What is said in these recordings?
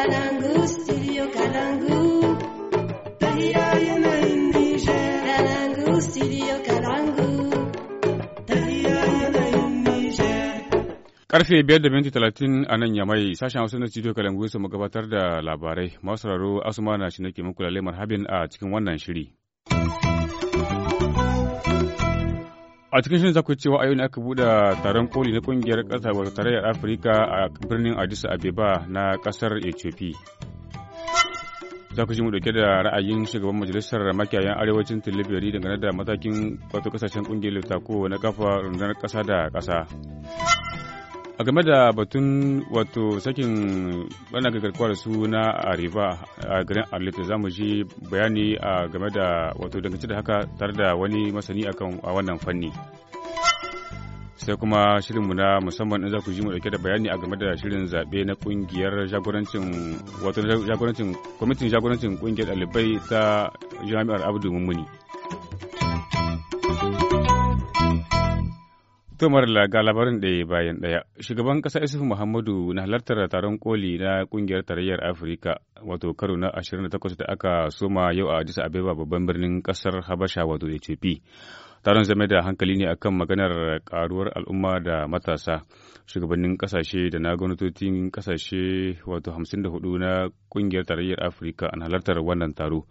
Karfe biyar da minti talatin a nan ya yamai sashen hausa na studio Kalangu su gabatar da labarai masu raro Asuma na shi nake muku lalle marhabin a cikin wannan shiri. a cikin shirin za ku cewa a yau ne aka buɗe taron koli na ƙungiyar ƙasa wata tarayyar afirka a birnin addis abeba na ƙasar ethiopia za ku ji mu dauke da ra'ayin shugaban majalisar makiyayan arewacin tilibiri dangane da matakin wato kasashen kungiyar lifta na kafa rundunar kasa da kasa a game da batun wato sakin wannan garkuwa da su na Ariva a garin Arlita za mu ji bayani a game da wato dangance da haka tare da wani masani akan a wannan fanni. sai kuma shirinmu na musamman in za ku ji mu dauke da bayani a game da shirin zaɓe na kungiyar jagorancin wato jagorancin kwamitin jagorancin kungiyar ɗalibai ta jami'ar abdu mummuni Tumar ga labarin ɗaya bayan ɗaya. Shugaban ƙasa Isufu Muhammadu na halartar taron koli na ƙungiyar tarayyar Afirka wato karo na 28 da aka soma yau a Addis Abeba babban birnin ƙasar Habasha wato Ethiopia. Taron zame da hankali ne akan maganar karuwar al'umma da matasa. Shugabannin ƙasashe da na gwamnatocin ƙasashe wato 54 na ƙungiyar tarayyar Afirka na halartar wannan taro.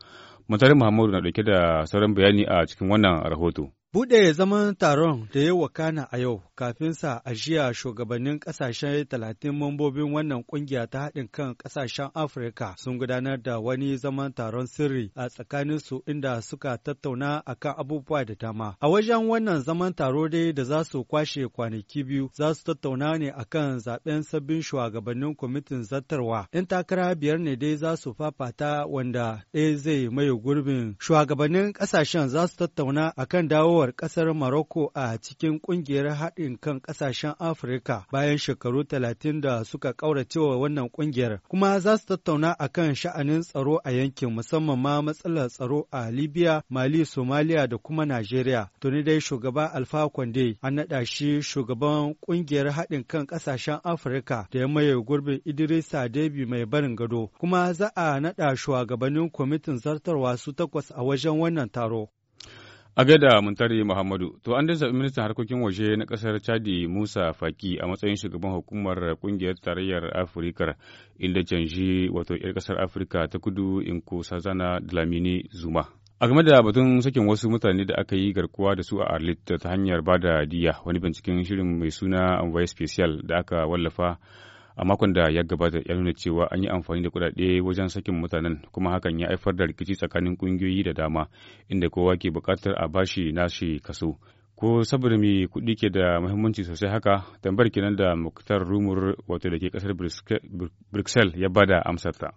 mutane Muhammadu na ɗauke da sauran bayani a cikin wannan rahoto. Buɗe zaman taron da ya wakana a yau kafin sa a shugabannin ƙasashen talatin mambobin wannan ƙungiya ta haɗin kan kasashen Afirka sun gudanar da wani zaman taron sirri a tsakanin su inda suka tattauna akan abubuwa da dama. A wajen wannan zaman taro dai da za su kwashe kwanaki biyu za su tattauna ne akan zaben sabbin shugabannin kwamitin zartarwa. in takara biyar ne dai za su fafata wanda ɗaya zai maye gurbin. Shugabannin ƙasashen za su tattauna akan dawo komowar ƙasar Morocco a cikin ƙungiyar haɗin kan ƙasashen Afirka bayan shekaru talatin da suka ƙauracewa wannan ƙungiyar, kuma za su tattauna a kan sha'anin tsaro a yankin musamman ma matsalar tsaro a Libya, Mali, Somalia da kuma Najeriya. Tuni dai shugaba Alfa Conde an naɗa shi shugaban ƙungiyar haɗin kan ƙasashen Afirka da ya maye gurbin Idris Debi mai barin gado, kuma za a naɗa shugabannin kwamitin zartarwa su takwas a wajen wannan taro. A gaida Muntari Muhammadu, to an dasa ministan harkokin waje na kasar Chadi Musa Faki a matsayin shugaban hukumar kungiyar tarayyar Afirka inda canji wato 'yar kasar Afirka ta kudu in Inko Sazana Dlamini Zuma. A game da batun sakin wasu mutane da aka yi garkuwa da su a Arlit ta hanyar bada diya wani binciken shirin mai suna Envoy Special da aka wallafa a makon da ya gabata ya nuna cewa an yi amfani da kudade wajen sakin mutanen kuma hakan ya haifar da rikici tsakanin kungiyoyi da dama inda kowa ke bukatar a bashi nashi kaso ko saboda mai kuɗi ke da muhimmanci sosai haka tambayar kenan da muktar rumur wato da ke ƙasar brussels ya bada amsarta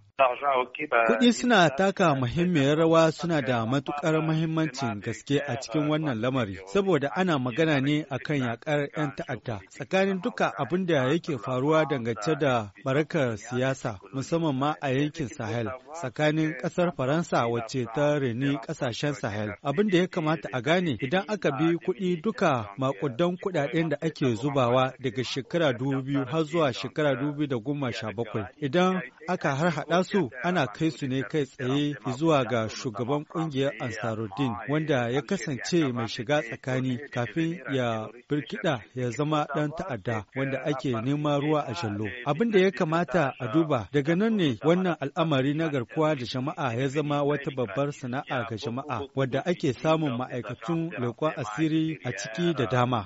Kuɗi suna taka muhimmiyar rawa suna da matuƙar muhimmancin gaske a cikin wannan lamari, saboda ana magana ne a kan yaƙar 'yan ta'adda tsakanin duka abin da yake faruwa dangance da barakar siyasa, musamman ma a yankin Sahel, tsakanin ƙasar Faransa wacce ta reni ƙasashen Sahel. Abin da ya kamata a gane idan aka bi kuɗi duka maƙudan kuɗaɗen da ake zubawa daga shekara dubu biyu har zuwa shekara dubu da goma sha bakwai, idan aka harhaɗa su ana kai su ne kai tsaye zuwa ga shugaban kungiyar Ansaruddin wanda ya kasance mai shiga tsakani kafin ya birkida ya zama dan ta'adda wanda ake neman ruwa a shallo. Abin da ya kamata a duba daga nan ne wannan al'amari na garkuwa da jama'a ya zama wata babbar sana'a ga jama'a wadda ake samun ma'aikatun leƙon asiri a ciki da dama.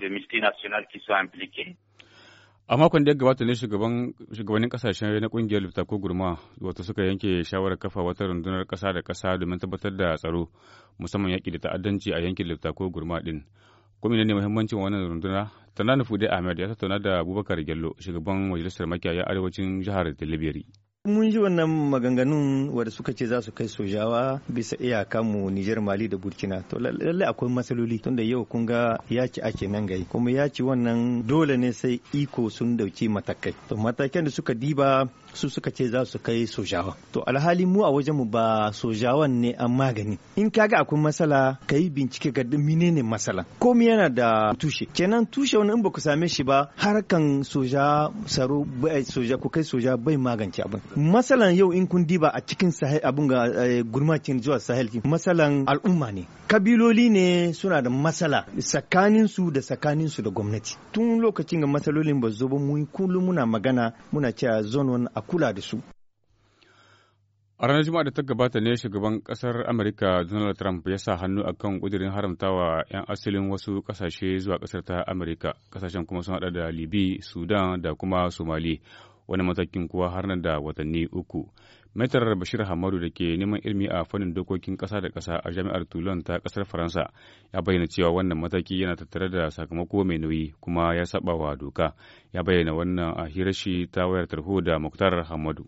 a makon da ya gabata ne shugabannin kasashe na kungiyar lifta ko gurma wato suka yanke shawarar kafa wata rundunar kasa da kasa domin tabbatar da tsaro musamman yaƙi da ta'addanci a yankin lifta ko gurma din kuma ne muhimmancin wannan runduna tana tanani fude ahmed ya tattauna da abubakar gyallo shugaban majalisar makiyaya arewacin jihar deliberi mun ji wannan maganganun wadda suka ce za su kai sojawa bisa iyaka mu Nijar Mali da Burkina to lalle akwai matsaloli tunda yau kun ga yaki ake nan gai kuma yaki wannan dole ne sai iko sun dauki matakai to matakan da suka diba su suka ce za su kai sojawa to alhali mu a wajen mu ba sojawan ne an magani in kaga akwai matsala kai bincike ga ne matsala komai yana da tushe kenan tushe wani in ba ku same shi ba harkan soja saro soja ku kai soja bai magance abin masalan yau in kun diba a cikin sahel abun ga eh, gurmacin zuwa sahel masalan al'umma ne kabiloli ne suna da masala tsakanin su da tsakanin su da gwamnati tun lokacin ga masalolin ba zo ba mu kullum muna magana muna cewa zone a kula da su A ranar Juma'a da ta gabata ne shugaban kasar Amurka Donald Trump ya sa hannu akan kudirin haramtawa 'yan asalin wasu kasashe zuwa kasar ta Amurka. Kasashen kuma sun hada da Libi, Sudan da kuma Somali. wani matakin kuwa har na da watanni uku. Metar Bashir Hamadu da ke neman ilmi a fannin dokokin ƙasa da kasa a jami'ar Toulon ta ƙasar Faransa ya bayyana cewa wannan mataki yana tattare da sakamako mai nauyi kuma ya saba wa doka. Ya bayyana wannan a hirashi ta wayar tarho da Muktar Hamadu.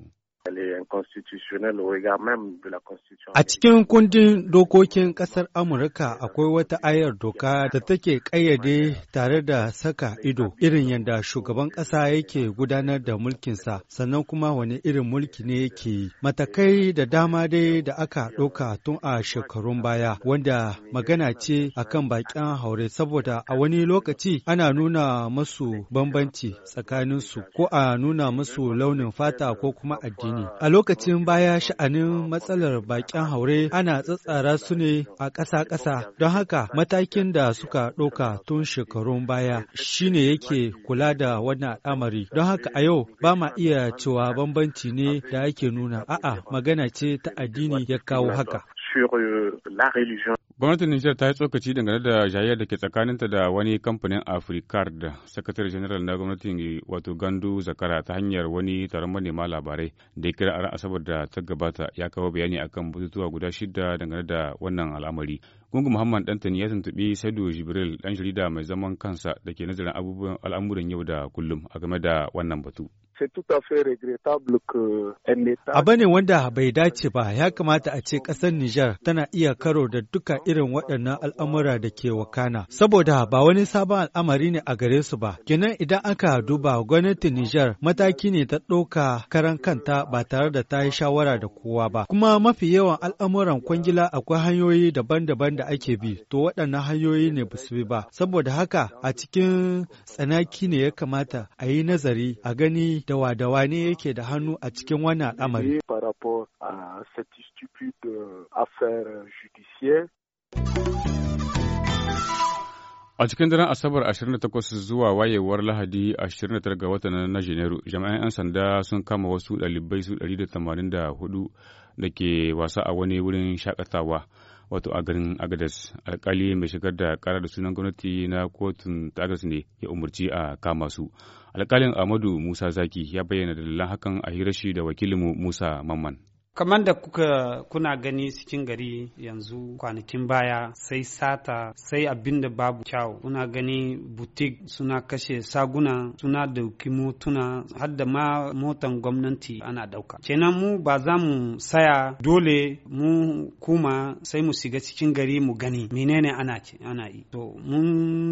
A cikin kundin dokokin ƙasar Amurka akwai wata ayar doka da take ƙayyade tare da saka ido irin yadda shugaban ƙasa yake gudanar da mulkinsa sannan kuma wani irin mulki ne yake yi. Matakai da dama dai da aka ɗauka tun a shekarun baya wanda magana ce akan baƙin haure saboda a wani lokaci ana nuna masu bambanci tsakaninsu ko a nuna masu launin fata ko kuma addini. A lokacin baya sha'anin matsalar bakin haure ana tsatsara su ne a ƙasa-ƙasa, don haka matakin da suka ɗauka tun shekarun baya shine yake kula da wannan al'amari. Don haka a yau ba ma iya cewa bambanci ne da ake nuna a'a magana ce ta addini ya kawo haka. Euh, Gwamnatin Nijar ta yi tsokaci dangane da jayayyar da ke tsakaninta da wani kamfanin Africard, sakatare general na gwamnatin wato Gandu Zakara ta hanyar wani taron manema labarai da ya kira ran Asabar da ta gabata ya kawo bayani akan batutuwa guda shida dangane da wannan al'amari. Gungun Muhammad Dantani ya tuntuɓi Saidu Jibril ɗan jarida mai zaman kansa da ke nazarin abubuwan al'amuran yau da kullum a game da wannan batu. c'est tout à fait regrettable que un état Abu ne wanda bai dace ba ya kamata a ce kasar Nijar tana iya karo da duka irin waɗannan al'amura da ke wakana saboda ba wani sabon al'amari ne a gare su ba kenan idan aka duba gwamnatin Nijar mataki ne ta ɗauka karan kanta ba tare da ta yi shawara da kowa ba kuma mafi yawan al'amuran kwangila akwai hanyoyi daban-daban da ake bi to waɗannan hanyoyi ne ba su bi ba saboda haka a cikin tsanaki ne ya kamata a yi nazari a gani dawa dawa ne yake da hannu a cikin wannan al'amari. A cikin daren Asabar 28 zuwa wayewar Lahadi 29 ga watan na Janairu, jami'an 'yan sanda sun kama wasu ɗalibai su 184 da ke wasa a wani wurin shakatawa. wato a garin agadas alkali mai shigar da kara da sunan gwamnati na kotun ta ne ya umarci a kama su alkalin amadu musa zaki ya bayyana dalilan hakan a hirashi da wakilinmu musa mamman kamar da kuka kuna gani cikin gari yanzu kwanakin baya sai sata sai abin da babu kyau kuna gani butik suna kashe saguna suna dauki motuna har da ma motan gwamnati ana dauka kenan mu ba za mu saya dole mu kuma sai mu shiga cikin gari mu gani menene ana ana yi to mun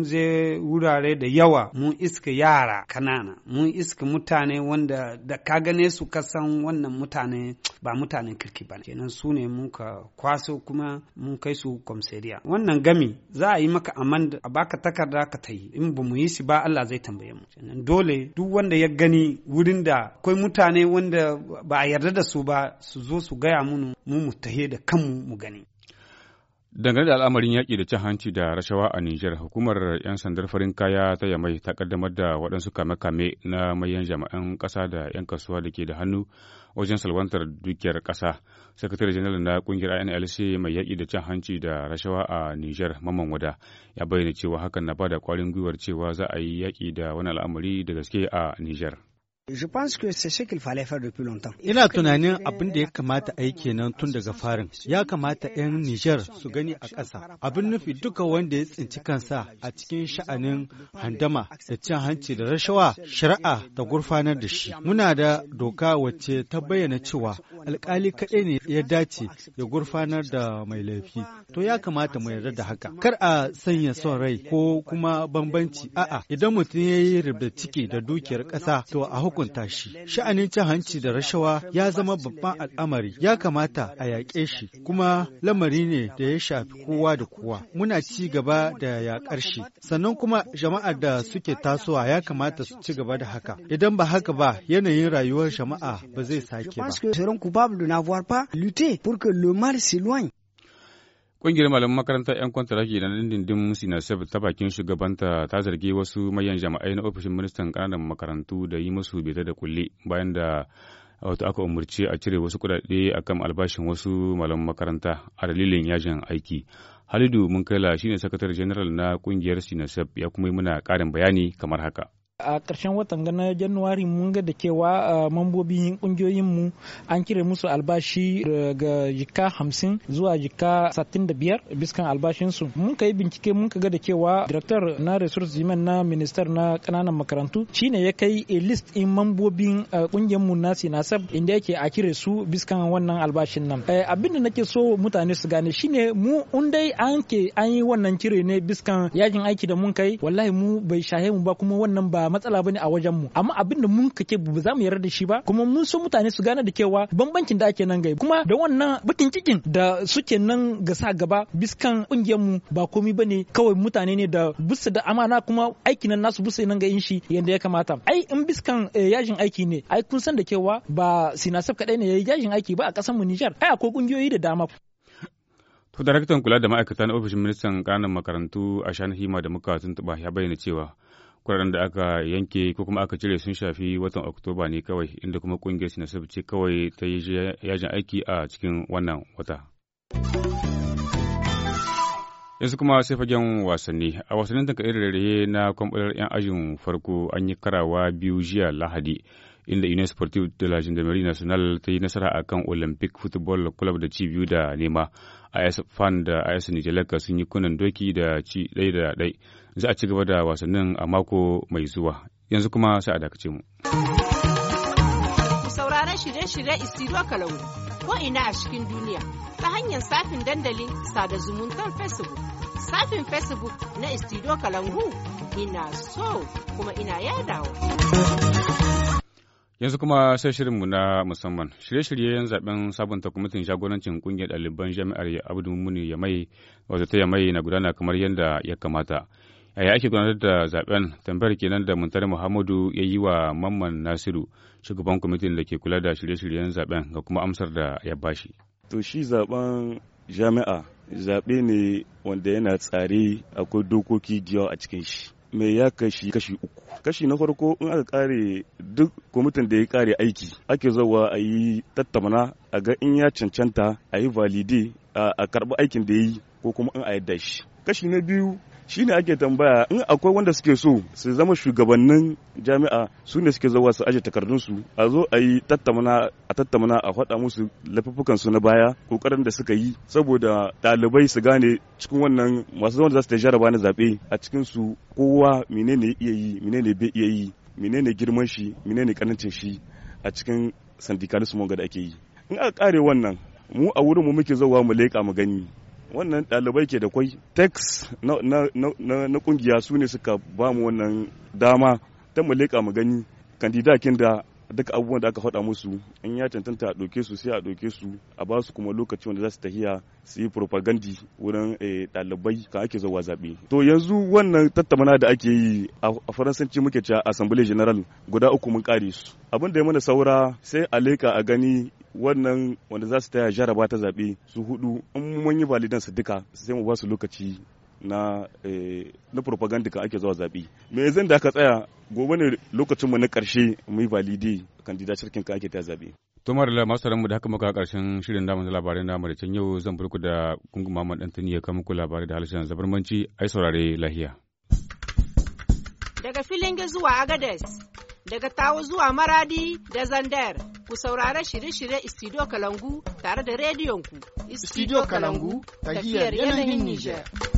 je wurare da yawa mun iska yara kanana mun iska mutane wanda da ka gane su kasan wannan mutane ba mutane mutanen kirki ba kenan su ne muka kwaso kuma mun kai su komsariya wannan gami za a yi maka amanda a baka takarda ka ta yi in ba mu yi shi ba Allah zai tambaye mu kenan dole duk wanda ya gani wurin da akwai mutane wanda ba a yarda da su ba su zo su gaya mu mu tahe da kanmu mu gani Dangane da al'amarin yaƙi da cin hanci da rashawa a Nijar, hukumar 'yan sandar farin kaya ta Yamai ta kaddamar da waɗansu kame-kame na mayan jama'an ƙasa da 'yan kasuwa da ke da hannu wajen salwantar dukiyar ƙasa. Sakatare janar na ƙungiyar INLC mai yaƙi da cin hanci da rashawa a Nijar, Maman Wada, ya bayyana cewa hakan na ba da ƙwarin gwiwar cewa za a yi yaƙi da wani al'amari da gaske a Nijar. Ina tunanin abin da ya kamata a yi kenan tun daga farin. Ya kamata 'yan Nijar su gani a ƙasa. Abin nufi duka wanda ya tsinci kansa a cikin sha'anin handama da cin hanci da rashawa shari'a da gurfanar da shi. Muna da doka wacce ta bayyana cewa alkali kaɗai ne ya dace ya gurfanar da mai laifi. To ya kamata mu yarda da haka. Kar a sanya son rai ko kuma bambanci. A'a, idan mutum ya yi ribar ciki da dukiyar ƙasa, to a hukunta shi. Sha'anin cin hanci da rashawa ya zama babban al'amari, ya kamata a yaƙe shi, kuma lamari ne da ya shafi kowa da kowa. Muna ci gaba da yaƙar shi, sannan kuma jama'ar da suke tasowa ya kamata su ci gaba da haka. Idan ba haka ba, yanayin rayuwar jama'a ba zai sake ba. Ƙungiyar malaman makarantar 'yan kwantaraki na dindindin Sinasef ta bakin shugabanta ta zargi wasu mayan jama'ai na ofishin ministan ƙananan makarantu da yi musu bita da kulle bayan da wato aka umarci a cire wasu kuɗaɗe kan albashin wasu malaman makaranta a dalilin yajin aiki. Halidu shi ne sakatare general na ƙungiyar Sinasef ya kuma yi muna ƙarin bayani kamar haka. a karshen watan na januwari mun ga da cewa mambobin kungiyoyin mu an kire musu albashi daga jika hamsin zuwa jika satin da biyar biskan albashinsu mun ka yi bincike mun ka ga da cewa director na resource human na minister na kananan makarantu shine ya kai a list in mambobin ƙungiyarmu mu na sinasab inda yake a kire su biskan wannan albashin nan abin da nake so mutane su gane shine mu in dai an ke an yi wannan kire ne biskan yajin aiki da mun kai wallahi mu bai shahe mu ba kuma wannan ba ba matsala bane a wajen mu amma abin da mun kake ba za mu yarda da shi ba kuma mun so mutane su gane da cewa bambancin da ake nan gai kuma da wannan bakin cikin da suke nan ga sa gaba biskan kungiyar mu ba komai bane kawai mutane ne da busu da amana kuma aikin nan nasu busu nan ga yin shi yanda ya kamata ai in biskan eh, yajin aiki ne ai kun san da cewa ba sinasaf kadai ne yayi yajin aiki ba a kasar mu Niger ai akwai kungiyoyi da dama daraktan kula da ma'aikata na ofishin ministan kananan makarantu a hima da muka tuntuɓa ya bayyana cewa kuraren da aka yanke ko kuma aka cire sun shafi watan oktoba ne kawai inda kuma kungiyar sinasab ce kawai ta yi yajin aiki a cikin wannan wata yanzu kuma sai fagen wasanni a wasannin da raye na kwamfular 'yan ajin farko an yi karawa biyu jiya lahadi inda Union Sportive de la Gendarmerie Nationale ta yi nasara a kan Olympic Football Club da ci biyu da nema. AS Fan da AS Nijalaka sun yi kunan doki da ci ɗaya da ɗai. Za a ci gaba da wasannin a mako mai zuwa. Yanzu kuma sai a dakace mu. Sauraron shirye-shirye Isiruwa Kalangu ko ina a cikin duniya ta hanyar safin dandalin sada zumuntar Facebook. Safin Facebook na Istido Kalangu ina so kuma ina yadawa. Yanzu kuma sai shirinmu na musamman shirye-shiryen zaben sabunta kwamitin jagorancin kungiyar ɗaliban jami'ar Abdu Muni mai wato ta ya mai na gudana kamar yadda ya kamata. Yaya ake gudanar da zaben tambayar kenan da Muntari Muhammadu ya yi wa Mamman Nasiru shugaban kwamitin da ke kula da shirye-shiryen zaben ga kuma amsar da ya bashi. To shi zaben jami'a zaɓe ne wanda yana tsare akwai dokoki da a cikin shi. Me ya kashi kashi uku. kashi na farko in aka kare duk kwamitin da ya kare aiki ake zawa a yi tattamana a ga in ya cancanta a yi valide a karɓi aikin da ya yi ko kuma in a yadda shi kashi na biyu Shi shine ake tambaya in akwai wanda suke so su zama shugabannin jami'a su ne suke zawa su aje takardunsu a zo a yi tattamana a tattamana a faɗa musu lafafukan su na baya kokarin da suka yi saboda ɗalibai su gane cikin wannan masu zama da za su ta jaraba na zaɓe a cikin su kowa menene iya yi menene bai iya yi menene girman shi menene kanancin shi a cikin sandikalismo da ake yi in aka kare wannan mu a wurin mu muke zuwa mu leƙa mu gani wannan ɗalibai ke da kwai tax na kungiya su ne suka ba mu wannan dama ta mu leƙa mu gani kandidakin da duka abubuwan da aka faɗa musu in ya cancanta a ɗauke su sai a ɗauke su a ba su kuma lokaci wanda za su tahiya su yi propagandi wurin eh, ɗalibai kan ake zuwa zaɓe. To yanzu wannan tattamana da ake yi a faransanci muke cewa assembly general guda uku mun kare su. Abin da ya mana saura sai a leka a gani wannan wanda za su taya jaraba ta zaɓe su hudu in mun yi validansa duka sai mu ba su lokaci na eh, na propaganda ka ake zuwa zaɓe me zan da aka tsaya gobe ne lokacin mu na ƙarshe mu yi valide candidature ka ake ta zaɓe tumar la masu mu da haka muka karshen shirin damar da labarai na da can yau zan burku da kungu mamman dan tuniya ka muku labarai da harshen zabarmanci ai saurare lahiya daga filin zuwa Agades daga Tawo zuwa Maradi da Zandar ku saurara shirye-shirye Studio Kalangu tare da rediyon ku. Studio Kalangu, tafiyar yanayin Nijar.